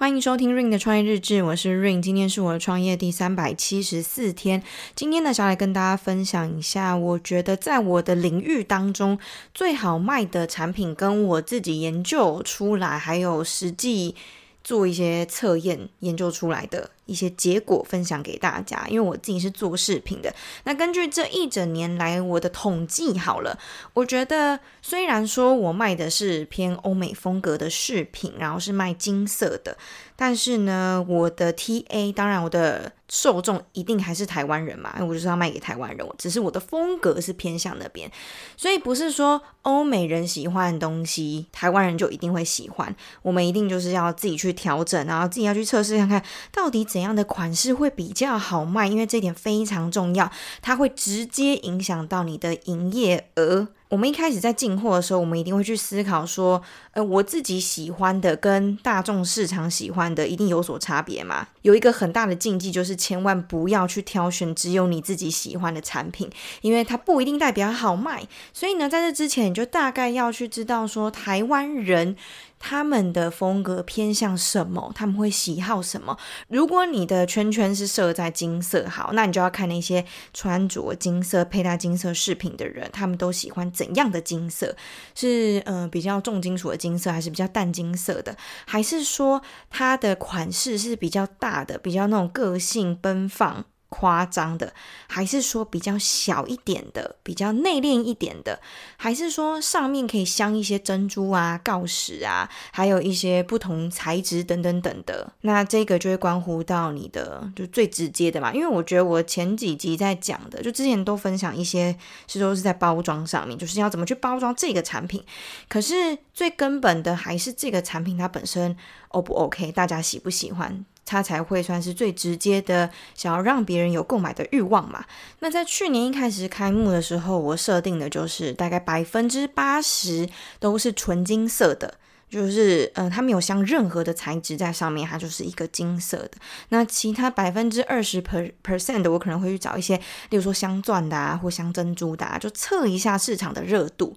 歡迎收聽 Ring 的創業日志，我是 Ring，今天是我的創業第三百七十四天。今天呢，想來跟大家分享一下，我覺得在我的領域當中最好賣的產品，跟我自己研究出來，還有實際做一些測驗研究出來的。一些結果分享給大家，因為我自己是做飾品的。那根據這一整年來我的統計，好了，我覺得雖然說我賣的是偏歐美風格的飾品，然後是賣金色的，但是呢，我的 TA，當然我的受眾一定還是台灣人嘛，我就是要賣給台灣人。只是我的風格是偏向那邊，所以不是說歐美人喜歡的東西，台灣人就一定會喜歡。我們一定就是要自己去調整，然後自己要去測試，看看到底怎。怎樣的款式會比較好賣？因為這一點非常重要，它會直接影響到你的營業額。我們一開始在進貨的時候，我們一定會去思考說，呃，我自己喜歡的跟大眾市場喜歡的一定有所差別嘛。有一個很大的禁忌就是，千萬不要去挑選只有你自己喜歡的產品，因為它不一定代表好賣。所以呢，在這之前，你就大概要去知道說，台灣人。他們的風格偏向什麼？他們會喜好什麼？如果你的圈圈是設在金色，好，那你就要看那些穿着金色、佩戴金色飾品的人，他們都喜歡怎樣的金色？是呃比較重金屬的金色，還是比較淡金色的？還是說它的款式是比較大的，比較那種個性奔放？誇張的，還是說比較小一點的，比較內斂一點的，還是說上面可以鑲一些珍珠啊、鋯石啊，還有一些不同材質等等等等的。那這個就會關乎到你的，就最直接的嘛。因為我覺得我前幾集在講的，就之前都分享一些，是說是在包裝上面，就是要怎麼去包裝這個產品。可是最根本的還是這個產品它本身 O 不 OK，大家喜不喜歡？它才會算是最直接的，想要讓別人有購買的欲望嘛。那在去年一開始開幕的時候，我設定的就是大概百分之八十都是純金色的。就是，嗯，它沒有鑲任何的材質在上面，它就是一個金色的。那其他百分之二十 per percent 的，我可能會去找一些，例如說鑲鑽的啊，或鑲珍珠的，啊，就測一下市場的熱度。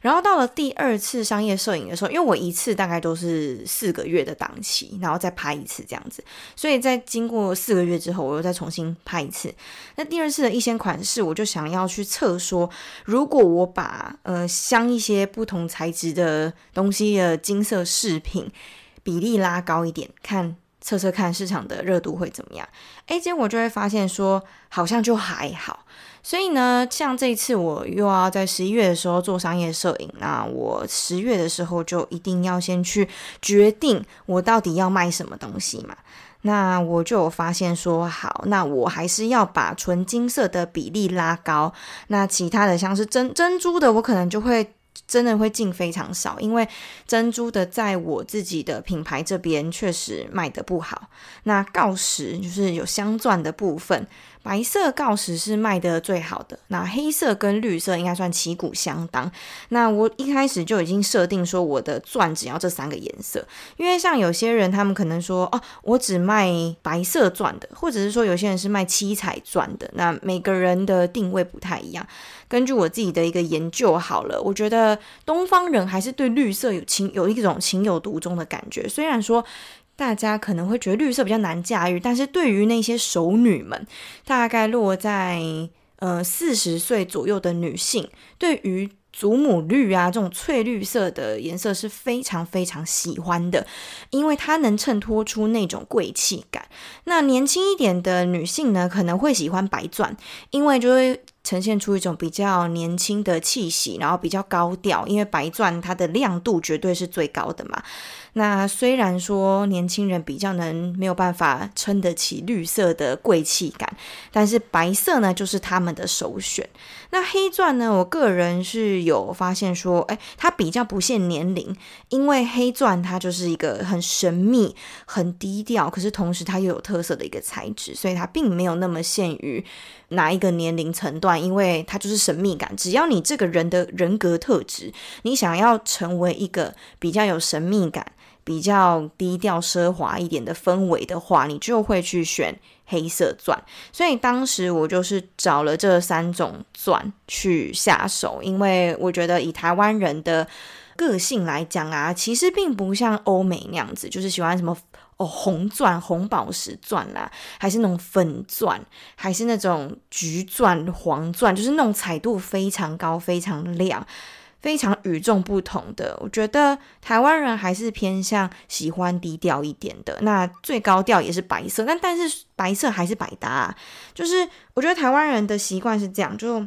然後到了第二次商業攝影的時候，因為我一次大概都是四個月的檔期，然後再拍一次這樣子，所以在經過四個月之後，我又再重新拍一次。那第二次的一些款式，我就想要去測說，如果我把，呃，鑲一些不同材質的東西的。呃金色飾品比例拉高一點，看測測看市場的熱度會怎麼樣？誒，結果就會發現說好像就還好。所以呢，像這一次我又要在十一月的時候做商業攝影，那我十月的時候就一定要先去決定我到底要賣什麼東西嘛。那我就發現說，好，那我還是要把純金色的比例拉高，那其他的像是珍珍珠的，我可能就會。真的會進非常少，因為珍珠的在我自己的品牌這邊確實賣的不好。那鋯石就是有鑲鑽的部分。白色鋯石是賣得最好的，那黑色跟綠色應該算旗鼓相當。那我一開始就已經設定說，我的鑽只要這三個顏色，因為像有些人他們可能說哦，我只賣白色鑽的，或者是說有些人是賣七彩鑽的，那每個人的定位不太一樣。根據我自己的一個研究，好了，我覺得東方人還是對綠色有情有一種情有獨鍾的感覺，雖然說。大家可能會覺得綠色比較難駕馭，但是對於那些熟女們，大概落在呃四十歲左右的女性，對於。祖母綠啊，這種翠綠色的顏色是非常非常喜歡的，因為它能襯托出那種貴氣感。那年輕一點的女性呢，可能會喜歡白鑽，因為就會呈現出一種比較年輕的氣息，然後比較高調，因為白鑽它的亮度絕對是最高的嘛。那雖然說年輕人比較能沒有辦法撐得起綠色的貴氣感，但是白色呢，就是他們的首選。那黑鑽呢？我個人是有發現說，哎、欸，它比較不限年齡，因為黑鑽它就是一個很神秘、很低調，可是同時它又有特色的一個材質，所以它並沒有那麼限於哪一個年齡層段，因為它就是神秘感。只要你這個人的人格特質，你想要成為一個比較有神秘感。比較低調奢華一點的氛圍的話，你就會去選黑色鑽。所以當時我就是找了這三種鑽去下手，因為我覺得以台灣人的個性來講啊，其實並不像歐美那樣子，就是喜歡什麼哦紅鑽、紅寶石鑽啦，還是那種粉鑽，還是那種橘鑽、黃鑽，就是那種彩度非常高、非常亮。非常與眾不同的，我覺得台灣人還是偏向喜歡低調一點的。那最高調也是白色，但但是白色還是百搭啊。就是我覺得台灣人的習慣是這樣，就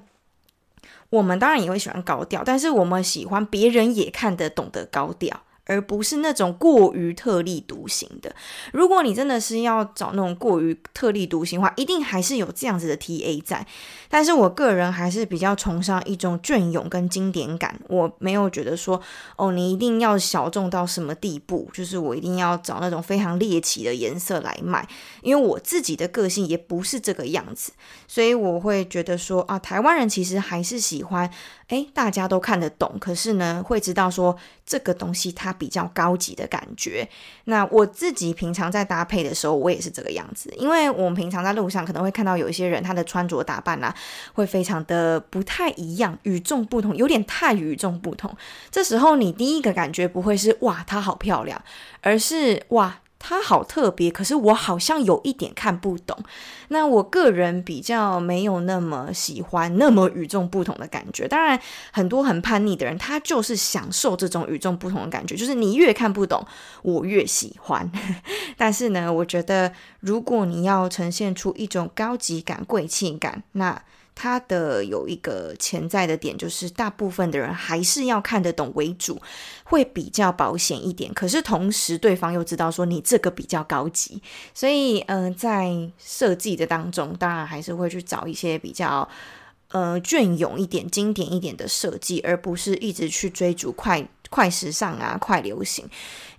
我們當然也會喜歡高調，但是我們喜歡別人也看得懂的高調。而不是那種過於特立獨行的。如果你真的是要找那種過於特立獨行的話，一定還是有這樣子的 T A 在。但是我個人還是比較崇尚一種雋永跟經典感。我沒有覺得說，哦，你一定要小眾到什麼地步，就是我一定要找那種非常獵奇的顏色來賣。因為我自己的個性也不是這個樣子，所以我會覺得說，啊，台灣人其實還是喜歡，哎、欸，大家都看得懂，可是呢，會知道說這個東西它。比較高級的感覺。那我自己平常在搭配的時候，我也是這個樣子。因為我們平常在路上可能會看到有一些人，他的穿着打扮呢、啊，會非常的不太一樣，與眾不同，有點太與眾不同。這時候你第一個感覺不會是哇，她好漂亮，而是哇。他好特別，可是我好像有一點看不懂。那我個人比較沒有那麼喜歡那麼與眾不同的感覺。當然，很多很叛逆的人，他就是享受這種與眾不同的感覺，就是你越看不懂，我越喜歡。 但是呢，我覺得如果你要呈現出一種高級感、貴氣感，那它的有一個潛在的點，就是大部分的人還是要看得懂為主，會比較保險一點。可是同時，對方又知道說你這個比較高級，所以，嗯、呃，在設計的當中，當然還是會去找一些比較，呃，雋永一點、經典一點的設計，而不是一直去追逐快快時尚啊、快流行。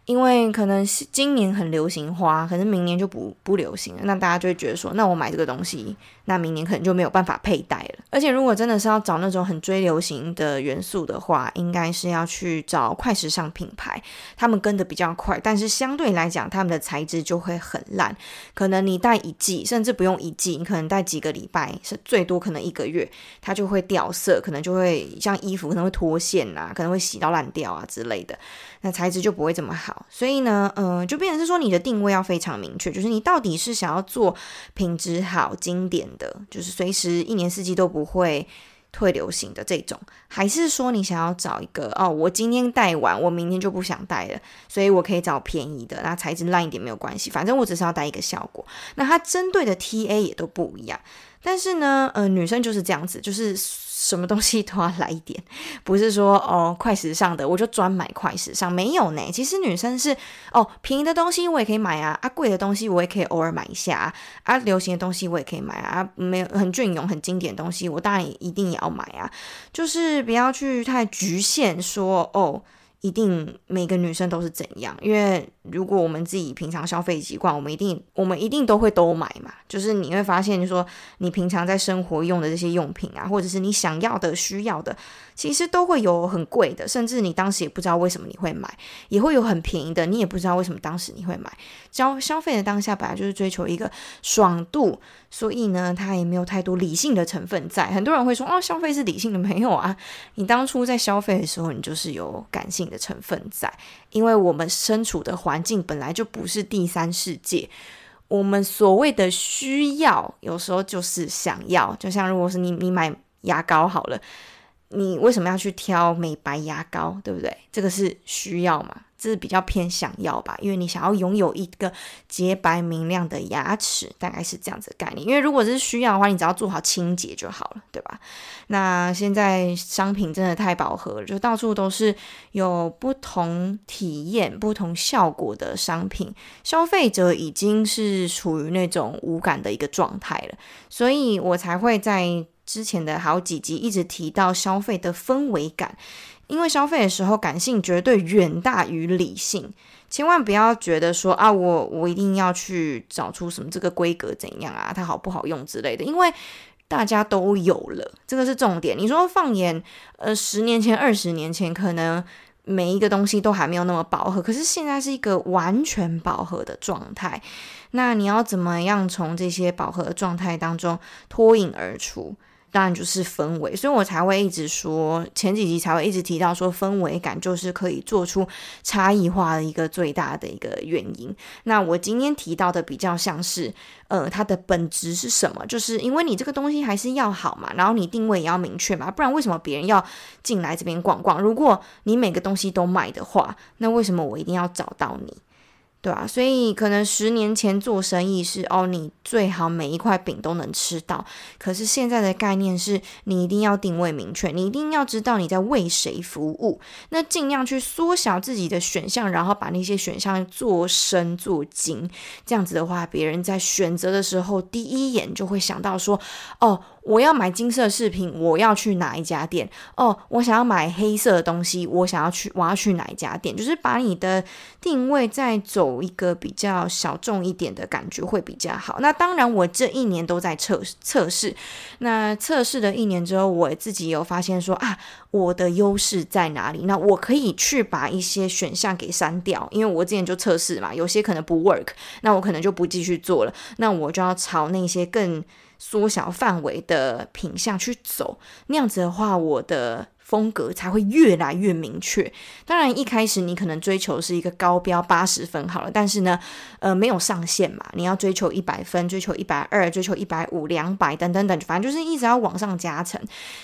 因為可能今年很流行花，可是明年就不不流行了。那大家就會覺得說，那我買這個東西，那明年可能就沒有辦法佩戴了。而且如果真的是要找那種很追流行的元素的話，應該是要去找快時尚品牌，他們跟的比較快，但是相對來講，他們的材質就會很爛。可能你戴一季，甚至不用一季，你可能戴幾個禮拜，是最多可能一個月，它就會掉色，可能就會像衣服可能會脫線啊，可能會洗到爛掉啊之類的。那材質就不會這麼好。所以呢，嗯、呃，就變成是說你的定位要非常明確，就是你到底是想要做品質好、經典的，就是隨時一年四季都不會退流行的這種，還是說你想要找一個哦，我今天戴完，我明天就不想戴了，所以我可以找便宜的，那材質爛一點沒有關係，反正我只是要戴一個效果。那它針對的 TA 也都不一樣，但是呢，呃，女生就是這樣子，就是。什麼東西都要來一點，不是說哦快時尚的我就專買快時尚，沒有呢。其實女生是哦，便宜的東西我也可以買啊，啊貴的東西我也可以偶爾買一下啊，啊流行的東西我也可以買啊，沒有很雋永、很經典的東西我當然也一定要買啊，就是不要去太局限說哦。一定每個女生都是怎樣？因為如果我們自己平常消費習慣，我們一定我們一定都會都買嘛。就是你會發現說，說你平常在生活用的這些用品啊，或者是你想要的、需要的。其實都會有很貴的，甚至你當時也不知道為什麼你會買，也會有很便宜的，你也不知道為什麼當時你會買。消消費的當下，本來就是追求一個爽度，所以呢，它也沒有太多理性的成分在。很多人會說：“哦，消費是理性的，沒有啊。”你當初在消費的時候，你就是有感性的成分在，因為我們身處的環境本來就不是第三世界，我們所謂的需要，有時候就是想要。就像如果是你，你買牙膏好了。你為什麼要去挑美白牙膏，對不對？這個是需要嘛？這是比較偏想要吧，因為你想要擁有一個潔白明亮的牙齒，大概是這樣子的概念。因為如果是需要的話，你只要做好清潔就好了，對吧？那現在商品真的太飽和了，就到處都是有不同體驗、不同效果的商品，消費者已經是處於那種無感的一個狀態了，所以我才會在。之前的好幾集一直提到消費的氛圍感，因為消費的時候感性絕對遠大於理性，千萬不要覺得說啊我我一定要去找出什麼這個規格怎樣啊，它好不好用之類的，因為大家都有了，這個是重點。你說放眼呃十年前、二十年前，可能每一個東西都還沒有那麼飽和，可是現在是一個完全飽和的狀態，那你要怎麼樣從這些飽和的狀態當中脫穎而出？當然就是氛圍，所以我才會一直說，前幾集才會一直提到說氛圍感就是可以做出差異化的一個最大的一個原因。那我今天提到的比較像是，呃，它的本質是什麼？就是因為你這個東西還是要好嘛，然後你定位也要明確嘛，不然為什麼別人要進來這邊逛逛？如果你每個東西都賣的話，那為什麼我一定要找到你？對啊，所以可能十年前做生意是哦，你最好每一塊餅都能吃到。可是現在的概念是，你一定要定位明確，你一定要知道你在為誰服務。那盡量去縮小自己的選項，然後把那些選項做深做精。這樣子的話，別人在選擇的時候，第一眼就會想到說，哦。我要買金色飾品，我要去哪一家店？哦，oh，我想要買黑色的東西，我想要去，我要去哪一家店？就是把你的定位再走一個比較小眾一點的感覺會比較好。那當然，我這一年都在測測試，那測試的一年之後，我自己有發現說啊。我的優勢在哪裡？那我可以去把一些選項給刪掉，因為我之前就測試嘛，有些可能不 work，那我可能就不繼續做了。那我就要朝那些更縮小範圍的品項去走。那樣子的話，我的。風格才會越來越明確。當然，一開始你可能追求是一個高標八十分好了，但是呢，呃，沒有上限嘛。你要追求一百分，追求一百二，追求一百五、兩百等等等，反正就是一直要往上加成。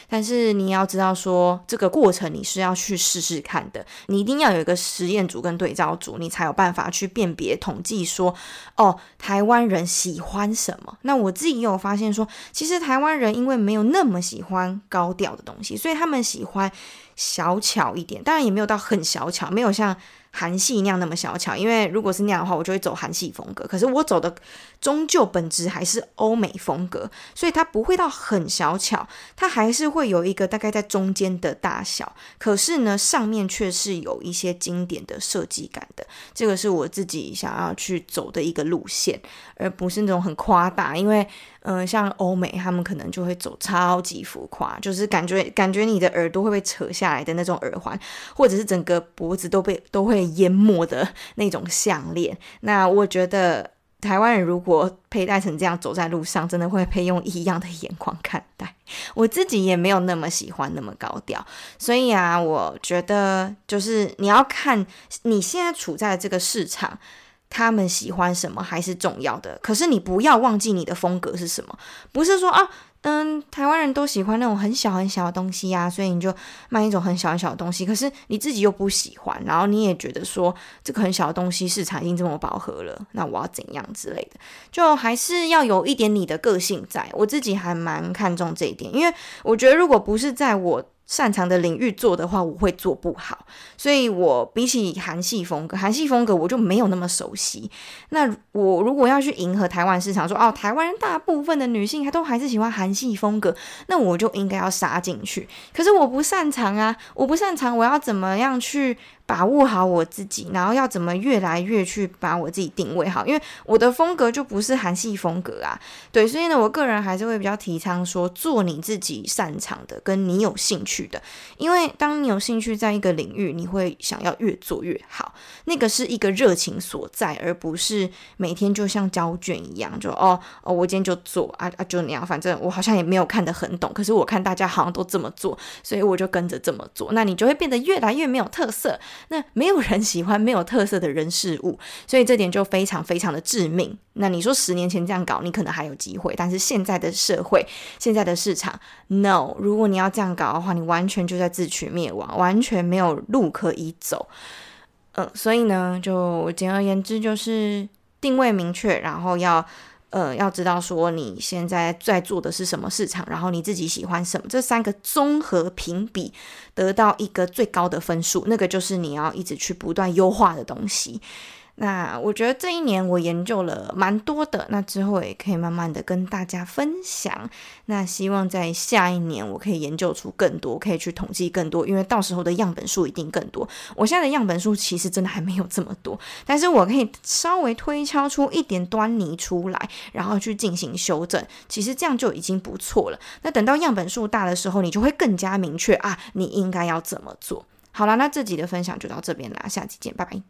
但是你要知道說，這個過程你是要去試試看的。你一定要有一個實驗組跟對照組，你才有辦法去辨別統計說，哦，台灣人喜歡什麼。那我自己也有發現說，其實台灣人因為沒有那麼喜歡高調的東西，所以他們喜歡歡小巧一點，當然也沒有到很小巧，沒有像，韓系那樣那麼小巧，因為如果是那樣的話，我就會走韓系風格。可是我走的終究本質還是歐美風格，所以它不會到很小巧，它還是會有一個大概在中間的大小。可是呢，上面卻是有一些經典的設計感的。這個是我自己想要去走的一個路線，而不是那種很誇大。因為，嗯，呃，像歐美他們可能就會走超級浮誇，就是感覺感覺你的耳朵會被扯下來的那種耳環，或者是整個脖子都被都會。被淹沒的那種項鏈那我覺得台灣人如果佩戴成這樣，走在路上真的會被用異樣的眼光看待。我自己也沒有那麼喜歡那麼高調，所以啊，我覺得就是你要看你現在處在的這個市場，他們喜歡什麼還是重要的。可是你不要忘記你的風格是什麼，不是說啊。哦嗯，台灣人都喜歡那種很小很小的東西呀、啊，所以你就賣一種很小很小的東西。可是你自己又不喜歡，然後你也覺得說這個很小的東西市場已經這麼飽和了，那我要怎樣之類的，就還是要有一點你的個性在，我自己還蠻看重這一點，因為我覺得如果不是在我。擅長的領域做的話，我會做不好，所以我比起韓系風格，韓系風格我就沒有那麼熟悉。那我如果要去迎合台灣市場，說哦，台灣人大部分的女性她都還是喜歡韓系風格，那我就應該要殺進去。可是我不擅長啊，我不擅長，我要怎麼樣去？把握好我自己，然後要怎麼越來越去把我自己定位好，因為我的風格就不是韓系風格啊，對，所以呢，我個人還是會比較提倡說，做你自己擅長的，跟你有興趣的，因為當你有興趣在一個領域，你會想要越做越好，那個是一個熱情所在，而不是每天就像交卷一樣，就哦哦，我今天就做啊啊，就那樣，啊，反正我好像也沒有看得很懂，可是我看大家好像都這麼做，所以我就跟着這麼做，那你就會變得越來越沒有特色。那沒有人喜歡沒有特色的人事物，所以這點就非常非常的致命。那你說十年前這樣搞，你可能還有機會，但是現在的社會、現在的市場，no！如果你要這樣搞的話，你完全就在自取滅亡，完全沒有路可以走。嗯，所以呢，就簡而言之，就是定位明確，然後要。呃，要知道說你現在在做的是什麼市場，然後你自己喜歡什麼，這三個綜合評比得到一個最高的分數，那個就是你要一直去不斷優化的東西。那我覺得這一年我研究了蠻多的，那之後也可以慢慢的跟大家分享。那希望在下一年我可以研究出更多，可以去統計更多，因為到時候的樣本數一定更多。我現在的樣本數其實真的還沒有這麼多，但是我可以稍微推敲出一點端倪出來，然後去進行修正。其實這樣就已經不錯了。那等到樣本數大的時候，你就會更加明確啊，你應該要怎麼做。好啦，那這集的分享就到這邊啦，下集見，拜拜。